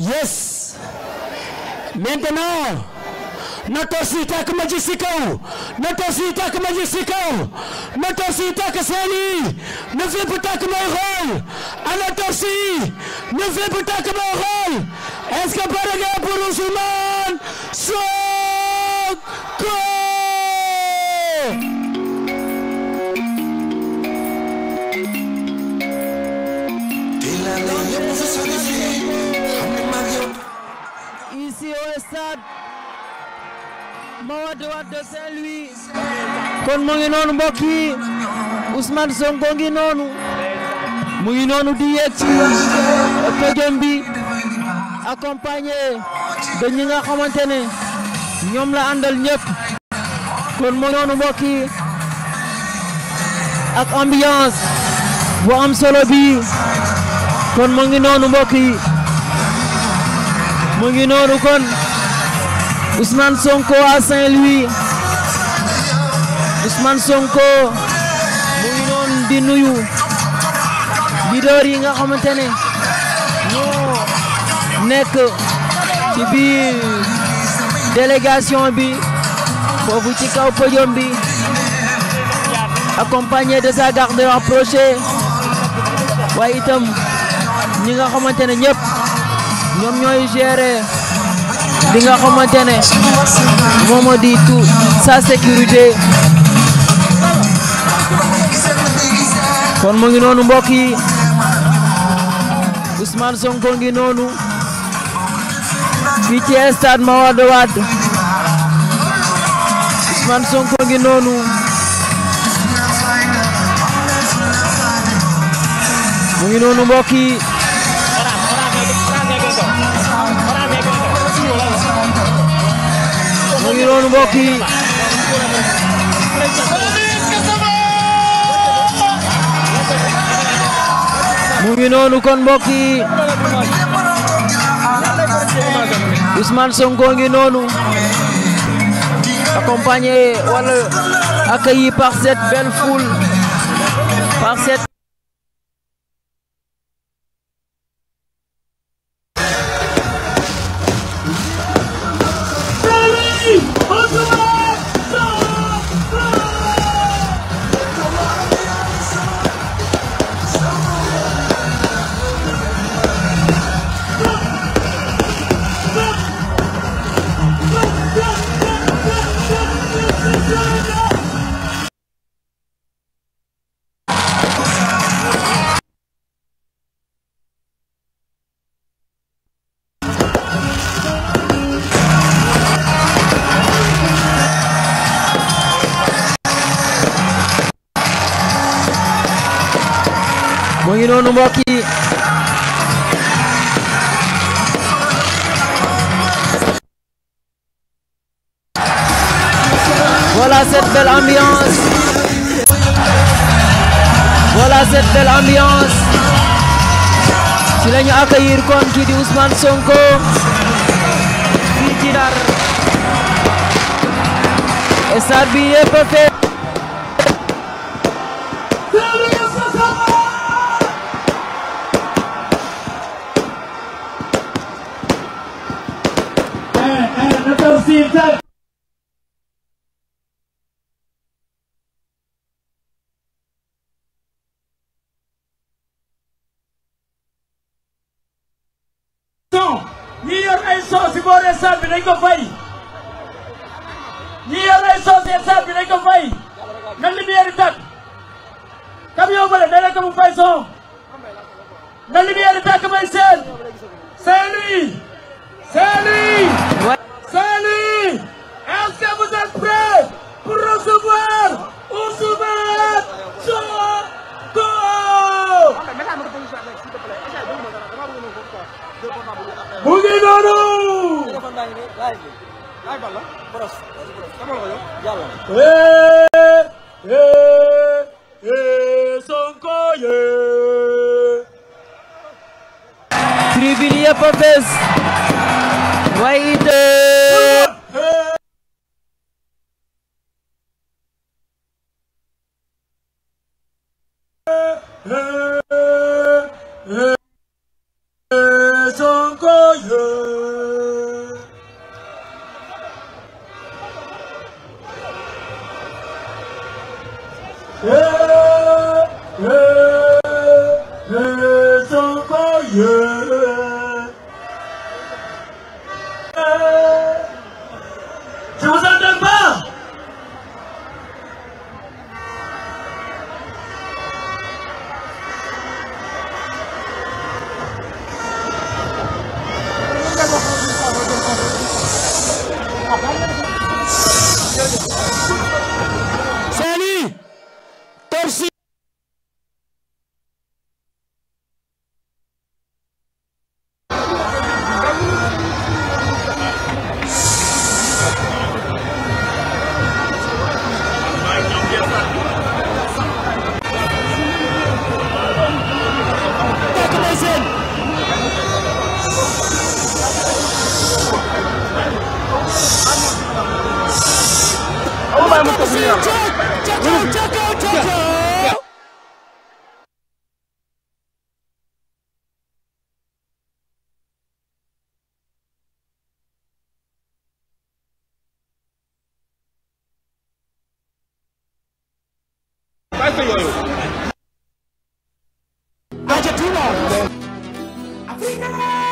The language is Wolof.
Yes. Maintenant, notre sitak majisikau, notre sitak majisikau, notre sitak sali, ne fais pas ta rôle, à notre si, ne fais pas ta Est-ce que par exemple pour Ousmane, soit ici au stade Mawade Wade de Saint-Louis kon mu ngi noonu mbokk yi Ousmane Sonko ngi noonu mu ngi noonu di yéeg ci podium bi accompagné de ñi nga xamante ñoom la àndal ñëpp kon mu noonu mbokk ak ambiance bu am solo bi kon mu ngi noonu mbokk mu ngi noonu kon Ousmane Sonko à Saint-Louis Ousmane Sonko mu ngi noonu di nuyu leader yi nga xamante ne ñoo nekk ci biir délégation bi foofu ci kaw podium bi accompagné de sa garde rapprochée waaye itam ñi nga xamante ne ñëpp. ñoom ñooy gérer li nga moom moo di tout sa sécurité kon mu ngi noonu mbokk yi Ousmane Sonko ngi noonu fii ci stade Mawade Wade Ousmane Sonko ngi noonu mu ngi noonu mbokk mbokk yi mu ngi noonu kon mbokk yi Ousmane Sonko ngi noonu accompagné wala accueilli par cette belle par cette ngi noonu mbokk ambiance voilà cette belle ambiance ci lañu accueillir kon kii di Stevenson. ñi yor ay soo si booree salle bi dañ ko fay ñi yor ay soo si salle bi dañ ko fay na lumière tàkk camion bële nee na ko mu fay son na lumière tàkk may seen Saint-Louis Saint-Louis ngi noonu. eh eh eh Sonko yee. tribune yëpp a fees. waaye it. Hey! Yeah. arrêté yooyu. Afrique.